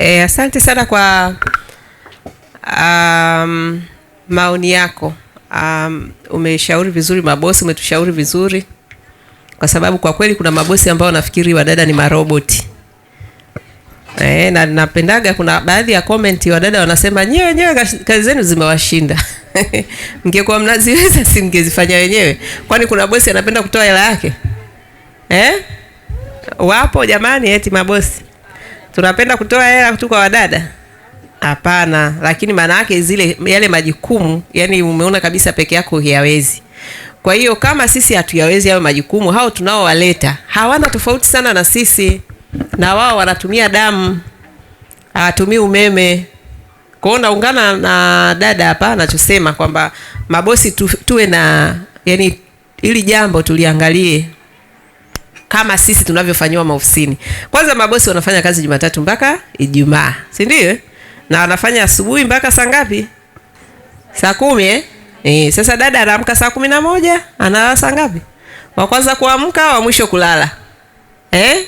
E, asante sana kwa um, maoni yako. Um, umeshauri vizuri mabosi, umetushauri vizuri kwa sababu kwa kweli kuna mabosi ambao nafikiri wadada ni maroboti. E, na napendaga kuna baadhi ya komenti wadada wanasema nyewe wenyewe kazi zenu zimewashinda. Mngekuwa mnaziweza si mngezifanya wenyewe? Kwani kuna bosi anapenda kutoa hela yake? Eh? Wapo jamani eti mabosi tunapenda kutoa hela tu kwa wadada? Hapana, lakini maana yake zile yale majukumu yani umeona kabisa peke yako huyawezi. Kwa hiyo kama sisi hatuyawezi hayo majukumu, hao tunaowaleta hawana tofauti sana na sisi, na wao wanatumia damu, hawatumii umeme. Kwao naungana na dada hapa anachosema kwamba mabosi tu, tuwe na yani hili jambo tuliangalie kama sisi tunavyofanyiwa maofisini. Kwanza mabosi wanafanya kazi Jumatatu mpaka Ijumaa, si ndio? Eh? Na wanafanya asubuhi mpaka saa ngapi? Saa kumi. Eh? eh, sasa dada anaamka saa kumi na moja analala saa ngapi? Wa kwanza kuamka, wa mwisho kulala. Eh?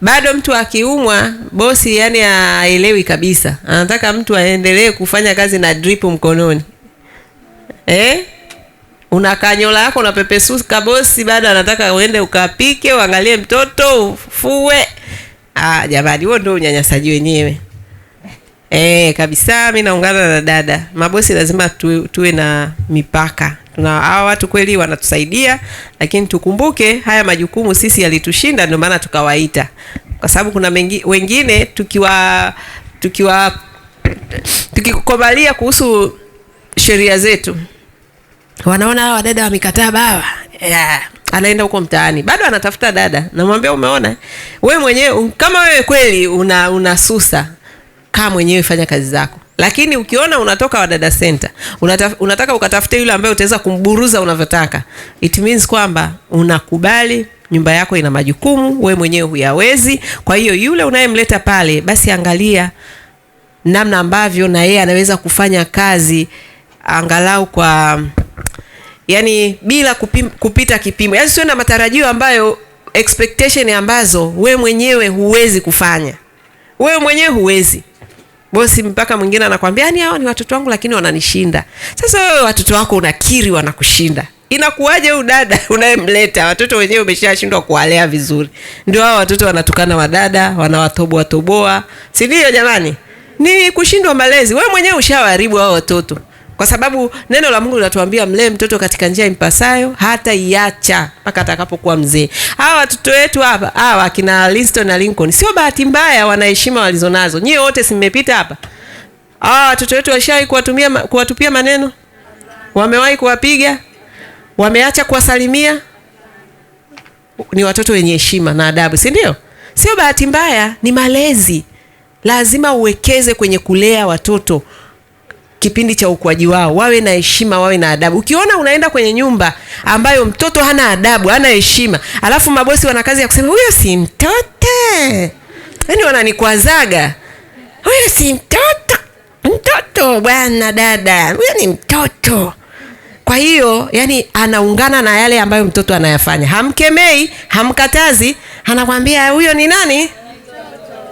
Bado mtu akiumwa, bosi yani haelewi kabisa, anataka mtu aendelee kufanya kazi na drip mkononi eh? unakaa nyola yako unapepesuka, bosi bado anataka uende ukapike, uangalie mtoto, ufue. Ah, jamani, huo ndio unyanyasaji wenyewe. Eh, kabisa mi naungana na dada. Mabosi lazima tu, tuwe na mipaka. Tuna hawa watu kweli wanatusaidia, lakini tukumbuke haya majukumu sisi yalitushinda, ndio maana tukawaita, kwa sababu kuna mengi, wengine tukiwa tukiwa tukikubalia kuhusu sheria zetu wanaona hawa dada wa mikataba hawa yeah. Anaenda huko mtaani bado anatafuta dada, namwambia umeona, we mwenyewe kama wewe kweli una unasusa, kaa mwenyewe, fanya kazi zako, lakini ukiona unatoka Wadada Center unataf, unataka ukatafute yule ambaye utaweza kumburuza unavyotaka, it means kwamba unakubali nyumba yako ina majukumu, we mwenyewe huyawezi. Kwa hiyo yule unayemleta pale, basi angalia namna ambavyo na yeye anaweza kufanya kazi angalau kwa yani bila kupim, kupita kipimo, yani sio na matarajio ambayo expectation ambazo we mwenyewe huwezi kufanya, wewe mwenyewe huwezi bosi, mpaka mwingine anakwambia yani hao ni watoto wangu lakini wananishinda. Sasa wewe watoto wako unakiri wanakushinda, inakuwaje? Huyu dada unayemleta watoto wenyewe umeshashindwa kuwalea vizuri, ndio hao watoto wanatukana wadada, wanawatoboa toboa, si ndio? Jamani, ni kushindwa malezi. wewe mwenyewe ushawaharibu hao watoto kwa sababu neno la Mungu linatuambia mlee mtoto katika njia impasayo, hata iacha mpaka atakapokuwa mzee. Hawa watoto wetu hapa hawa kina Liston na Lincoln, sio bahati mbaya, wana heshima walizonazo. Nyie wote simepita hapa, hawa watoto wetu washawahi kuwatumia kuwatupia maneno, wamewahi kuwapiga, wameacha kuwasalimia. Ni watoto wenye heshima na adabu, si ndio? Sio bahati mbaya, ni malezi. Lazima uwekeze kwenye kulea watoto kipindi cha ukuaji wao, wawe na heshima, wawe na adabu. Ukiona unaenda kwenye nyumba ambayo mtoto hana adabu, hana heshima, alafu mabosi wana kazi ya kusema huyo si mtoto, yaani wananikwazaga, huyo si mtoto, mtoto bwana, dada huyo ni mtoto. Kwa hiyo yani, anaungana na yale ambayo mtoto anayafanya, hamkemei, hamkatazi, anakwambia huyo ni nani?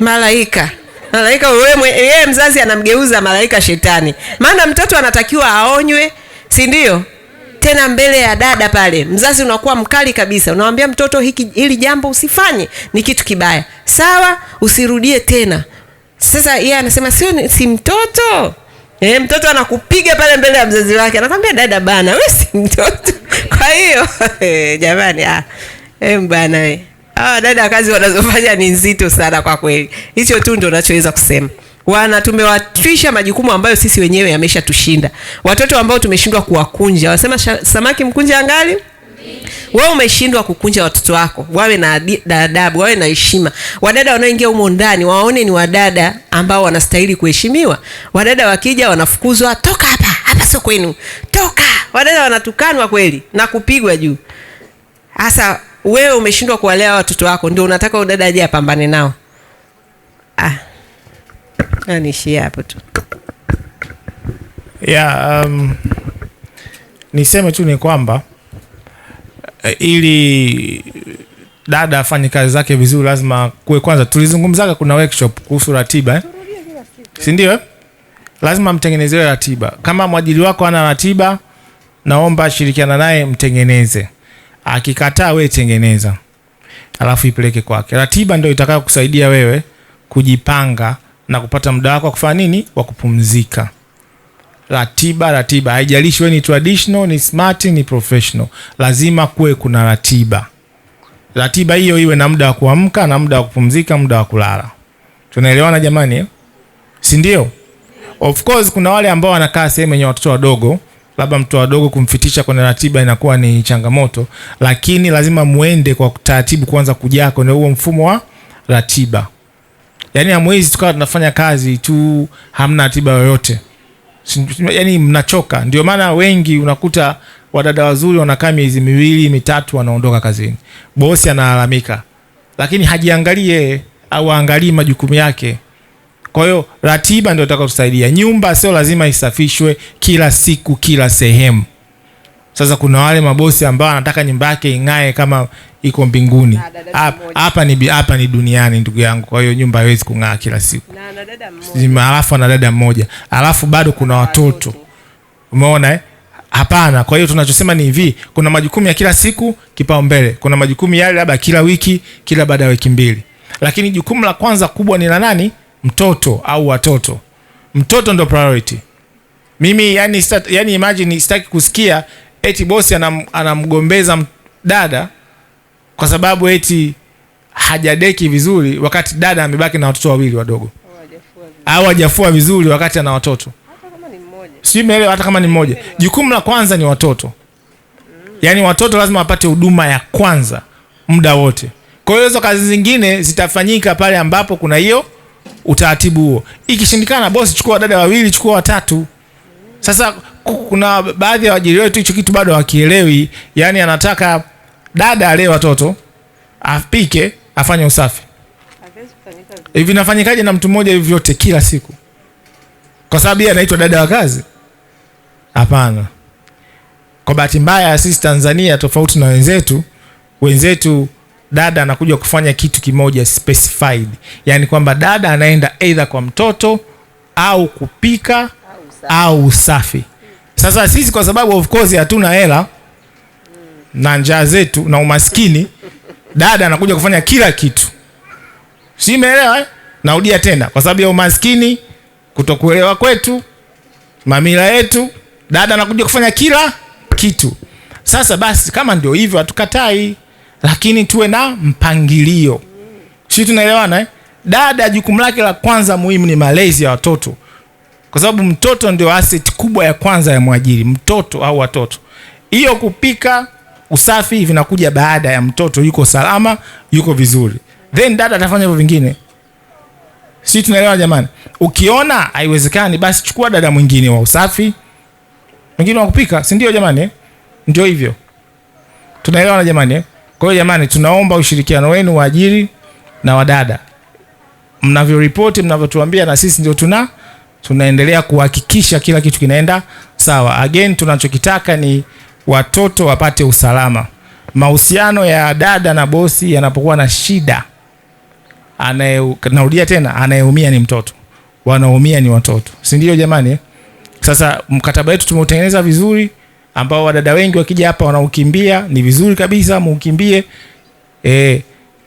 Malaika malaika yeye mzazi anamgeuza malaika shetani, maana mtoto anatakiwa aonywe, si ndio? Tena mbele ya dada pale, mzazi unakuwa mkali kabisa, unamwambia mtoto hiki, hili jambo usifanye, ni kitu kibaya, sawa, usirudie tena. Sasa yeye anasema sio, si mtoto E, mtoto anakupiga pale mbele ya mzazi wake, anakwambia dada bana, wewe si mtoto. Kwa hiyo eh, jamani, ah, e, eh, bana we. Ah, dada kazi wanazofanya ni nzito sana kwa kweli. Hicho tu ndio unachoweza kusema wana tumewatwisha majukumu ambayo sisi wenyewe yameshatushinda. Watoto ambao tumeshindwa kuwakunja, wasema samaki mkunja angali wewe umeshindwa kukunja watoto wako, wawe na adabu, wawe na heshima. Wadada wanaoingia humo ndani waone ni wadada ambao wanastahili kuheshimiwa. Wadada wakija wanafukuzwa, toka hapa, hapa sio kwenu, toka. Wadada wanatukanwa kweli na kupigwa juu hasa wewe umeshindwa kuwalea watoto wako, ndio unataka udada aje apambane nao? Ah, ah niishie hapo tu yeah. Um, niseme tu ni kwamba eh, ili dada afanye kazi zake vizuri, lazima kuwe kwanza, tulizungumzaga kuna workshop kuhusu ratiba eh? si ndio eh? Lazima mtengenezewe ratiba. Kama mwajiri wako ana ratiba, naomba shirikiana naye mtengeneze Akikataa wewe tengeneza, alafu ipeleke kwake. Ratiba ndio itakayo kusaidia wewe kujipanga na kupata muda wako wa kufanya nini, wa kupumzika. Ratiba, ratiba, haijalishi wewe ni traditional, ni smart, ni professional, lazima kuwe kuna ratiba. Ratiba hiyo iwe na muda wa kuamka na muda wa kupumzika, muda wa kulala. Tunaelewana jamani, eh? si ndio? Of course kuna wale ambao wanakaa sehemu yenye watoto wadogo labda mtoto wadogo kumfitisha kwenye ratiba inakuwa ni changamoto, lakini lazima muende kwa taratibu, kwanza kujaa kwenye huo mfumo wa ratiba. Yani hamwezi tukawa tunafanya kazi tu hamna ratiba yoyote, yani mnachoka. Ndio maana wengi unakuta wadada wazuri wanakaa miezi miwili mitatu, wanaondoka kazini, bosi analalamika, lakini hajiangalie au aangalii majukumu yake. Kwa hiyo ratiba ndio itakayotusaidia. Nyumba sio lazima isafishwe kila siku kila sehemu. Sasa kuna wale mabosi ambao anataka nyumba yake ing'ae kama iko mbinguni. Hapa ni hapa ni duniani, ndugu yangu. Kwa hiyo nyumba haiwezi kung'aa kila siku. Na alafu na dada mmoja, alafu bado kuna watoto, umeona eh? Hapana. Kwa hiyo tunachosema ni hivi, kuna majukumu ya kila siku kipaumbele, kuna majukumu yale labda kila wiki, kila baada ya wiki mbili, lakini jukumu la kwanza kubwa ni la nani? mtoto au watoto. Mtoto ndo priority. Mimi yani, start, yani imagine sitaki kusikia eti bosi anam, anamgombeza dada kwa sababu eti hajadeki vizuri, wakati dada amebaki na watoto wawili wadogo au hajafua vizuri, wakati ana watoto si meelewa. Hata kama ni mmoja, jukumu la kwanza ni watoto. Yani watoto lazima wapate huduma ya kwanza muda wote. Kwa hiyo hizo kazi zingine zitafanyika pale ambapo kuna hiyo utaratibu huo. Ikishindikana bosi, chukua dada wawili, chukua watatu. Sasa kuna baadhi ya waajiri wetu hicho kitu bado hawakielewi, yaani anataka dada alee watoto, apike, afanye usafi. Hivi nafanyikaje na mtu mmoja hivi kila siku, kwa sababu yeye anaitwa dada wa kazi? Hapana. Kwa bahati mbaya sisi Tanzania, tofauti na wenzetu wenzetu dada anakuja kufanya kitu kimoja specified, yani kwamba dada anaenda either kwa mtoto au kupika au usafi, au usafi. Sasa sisi kwa sababu of course hatuna hela mm, na njaa zetu na umaskini dada anakuja kufanya kila kitu, si umeelewa eh? Narudia tena, kwa sababu ya umaskini, kutokuelewa kwetu, mamila yetu, dada anakuja kufanya kila kitu. Sasa basi, kama ndio hivyo, hatukatai lakini tuwe na mpangilio. Sisi tunaelewana eh? Dada jukumu lake la kwanza muhimu ni malezi ya watoto, kwa sababu mtoto ndio asset kubwa ya kwanza ya mwajiri, mtoto au watoto. Hiyo kupika, usafi vinakuja baada ya mtoto yuko salama, yuko vizuri, then dada atafanya hivyo vingine. Si tunaelewa jamani? Ukiona haiwezekani, basi chukua dada mwingine wa usafi, mwingine wa kupika, si ndio jamani Ndio hivyo, tunaelewana jamani eh? Kwa hiyo jamani, tunaomba ushirikiano wenu waajiri na wadada, mnavyoripoti, mnavyotuambia, na sisi ndio tuna tunaendelea kuhakikisha kila kitu kinaenda sawa. Again, tunachokitaka ni watoto wapate usalama. Mahusiano ya dada na bosi yanapokuwa na shida, anaye narudia tena, anayeumia ni mtoto, wanaumia ni watoto, si ndio jamani? Eh? Sasa mkataba wetu tumeutengeneza vizuri ambao wadada wengi wakija hapa wanaukimbia. Ni vizuri kabisa muukimbie eh,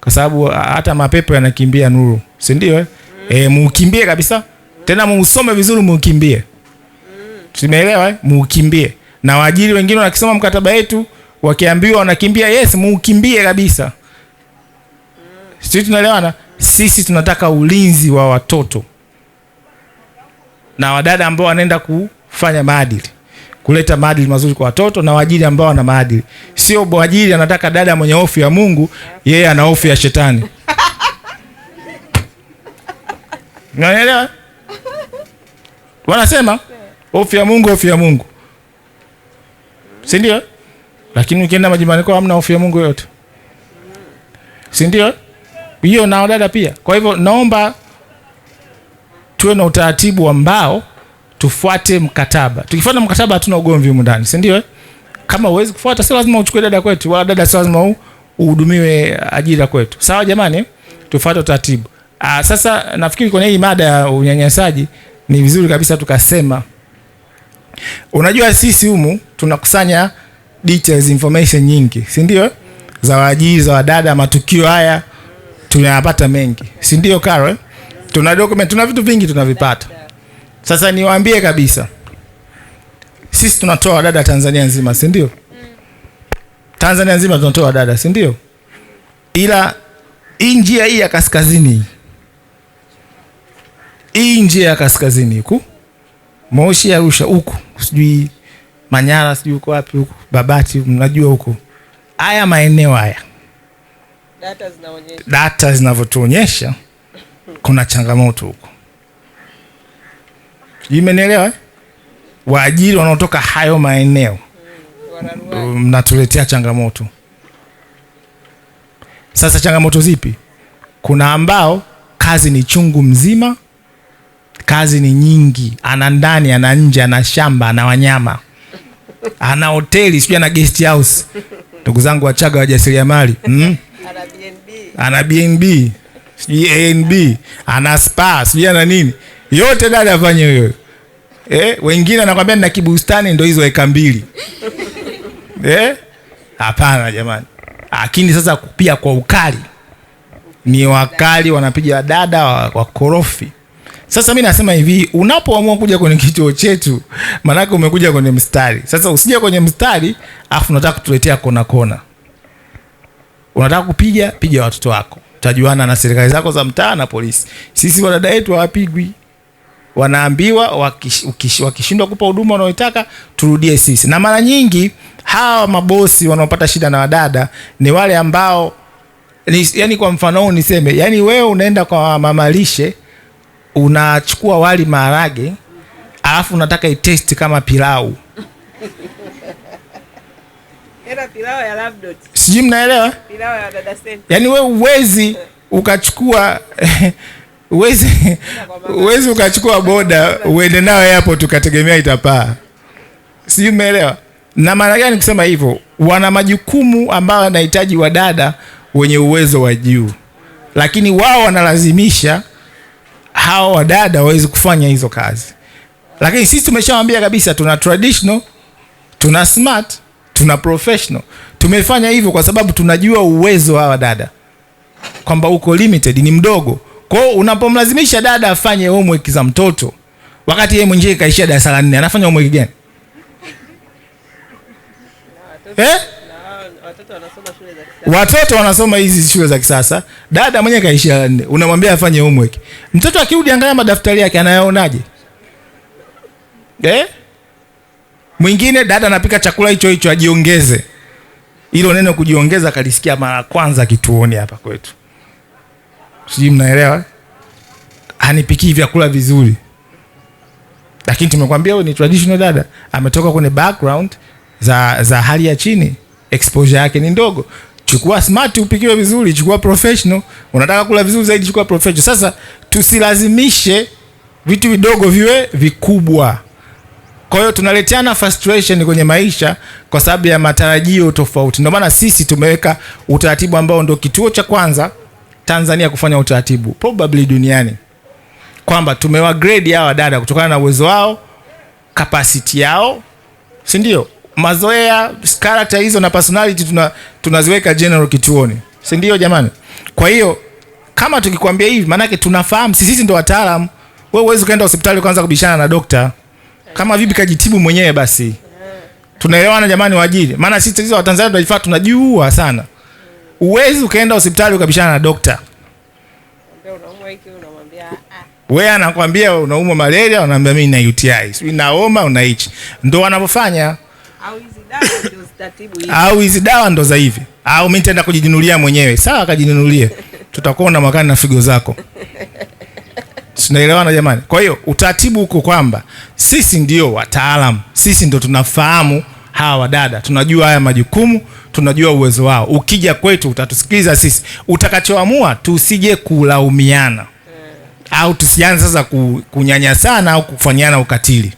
kwa sababu hata mapepo yanakimbia nuru, si ndio? Eh, eh muukimbie kabisa, tena muusome vizuri, muukimbie. Tumeelewa eh? Muukimbie na waajiri wengine wanakisoma mkataba wetu, wakiambiwa wanakimbia. Yes, muukimbie kabisa. Sisi tunaelewana. Sisi tunataka ulinzi wa watoto na wadada ambao wanaenda kufanya maadili kuleta maadili mazuri kwa watoto na waajiri ambao wana maadili. Sio mwajiri anataka dada mwenye hofu ya Mungu, yeye ana hofu ya shetani. Unaelewa? Wanasema hofu ya Mungu, hofu ya Mungu, si ndio? Lakini ukienda majumbani kwao hamna hofu ya Mungu yoyote, si ndio? Hiyo na dada pia. Kwa hivyo naomba tuwe na utaratibu ambao tufuate mkataba. Tukifuata mkataba hatuna ugomvi humu ndani, si ndio? Eh? Kama huwezi kufuata, si lazima uchukue dada kwetu, wala dada si lazima uhudumiwe ajira kwetu. Sawa jamani, eh? tufuate utaratibu. Ah, sasa nafikiri kwenye hii mada ya unyanyasaji ni vizuri kabisa tukasema, unajua sisi humu tunakusanya details information nyingi, si ndio? Eh? Za waajiri, za wadada, matukio haya tunayapata mengi, si ndio? Karo, tuna document, tuna vitu vingi tunavipata sasa niwaambie kabisa, sisi tunatoa wadada Tanzania nzima, si ndio? Tanzania nzima tunatoa wadada, si ndio? Ila hii njia hii ya kaskazini, hii njia ya kaskazini huku Moshi, Arusha huku sijui Manyara sijui uko wapi huku Babati, mnajua huko haya maeneo haya, data zinavyotuonyesha kuna changamoto huko Imenielewa eh? Waajiri wanaotoka hayo maeneo mnatuletea changamoto. Sasa changamoto zipi? Kuna ambao kazi ni chungu mzima, kazi ni nyingi, ana ndani, ana nje, ana shamba, ana wanyama, ana hoteli, sijui ana guest house. Ndugu zangu Wachaga wajasiriamali, mm? ana BNB sijui ANB, ana spa sijui ana nini, yote dada afanye huyo eh, wengine anakwambia nina kibustani ndo hizo eka mbili eh? Hapana jamani, lakini sasa pia kwa ukali ni wakali wanapiga dada wakorofi. Sasa mi nasema hivi, unapoamua kuja kwenye kituo chetu, maanake umekuja kwenye mstari. Sasa usije kwenye mstari afu unataka kutuletea kona kona. Unataka kupiga piga watoto wako, utajuana na serikali zako za mtaa na polisi. Sisi wadada yetu hawapigwi wanaambiwa wakishindwa kupa huduma wanaoitaka turudie sisi. Na mara nyingi hawa mabosi wanaopata shida na wadada ni wale ambao ni, yani kwa mfano huu niseme, yani wewe unaenda kwa mamalishe unachukua wali maharage, alafu unataka itesti kama pilau sijui mnaelewa? yani wewe uwezi ukachukua Uwezi ukachukua boda uende nayo hapo tukategemea itapaa, sijui umeelewa? Na maana gani kusema hivyo? Wana majukumu ambayo wanahitaji wadada wenye uwezo wa juu, lakini wao wanalazimisha hawa wadada waweze kufanya hizo kazi, lakini sisi tumeshawambia kabisa, tuna traditional, tuna smart, tuna professional. Tumefanya hivyo kwa sababu tunajua uwezo wa wadada kwamba uko limited, ni mdogo kwa unapomlazimisha dada afanye homework za mtoto wakati yeye mwenyewe kaishia darasa la nne, anafanya homework gani? Eh? eh? Watoto wanasoma hizi shule za kisasa, dada mwenye kaishia la nne, unamwambia afanye homework. Mtoto akirudi, angalia madaftari yake, anayaonaje? Eh? Mwingine dada anapika chakula hicho hicho ajiongeze. Hilo neno kujiongeza kalisikia mara kwanza kituoni hapa kwetu sijui mnaelewa, hanipikii vyakula vizuri, lakini tumekwambia huyu ni traditional dada, ametoka kwenye background za, za hali ya chini, exposure yake ni ndogo. Chukua smart upikiwe vizuri, chukua professional. Unataka kula vizuri zaidi, chukua professional. Sasa tusilazimishe vitu vidogo viwe vikubwa. Kwa hiyo tunaleteana frustration kwenye maisha kwa sababu ya matarajio tofauti. Ndio maana sisi tumeweka utaratibu ambao ndio kituo cha kwanza Tanzania kufanya utaratibu probably duniani kwamba tumewa grade hawa dada kutokana na uwezo wao, capacity yao, si ndio? Mazoea, character hizo na personality tuna, tunaziweka general kituoni, si ndio jamani? Kwa hiyo kama tukikwambia hivi, maanake tunafahamu sisi, sisi ndo wataalamu. Wewe huwezi ukaenda hospitali kwanza kubishana na dokta, kama vipi kajitibu mwenyewe basi. Tunaelewana jamani, waajiri? Maana sisi tatizo wa Tanzania tunajua tunajua sana Uwezi ukaenda hospitali ukabishana na dokta. Ah, ah. Wewe anakwambia unaumwa malaria, unaambia mimi na UTI, sijui naoma, unaichi ndo Ndio wanavyofanya. Au hizi dawa ndo za hivi, au mimi nitaenda kujijinulia mwenyewe. Sawa, akajinunulie, tutakuona mwakani na figo zako. Tunaelewana jamani? Kwa hiyo utaratibu huko kwamba sisi ndio wataalamu, sisi ndio tunafahamu hawa wadada, tunajua haya majukumu, tunajua uwezo wao. Ukija kwetu utatusikiliza sisi, utakachoamua tusije kulaumiana au tusianze sasa kunyanyasana au kufanyana ukatili.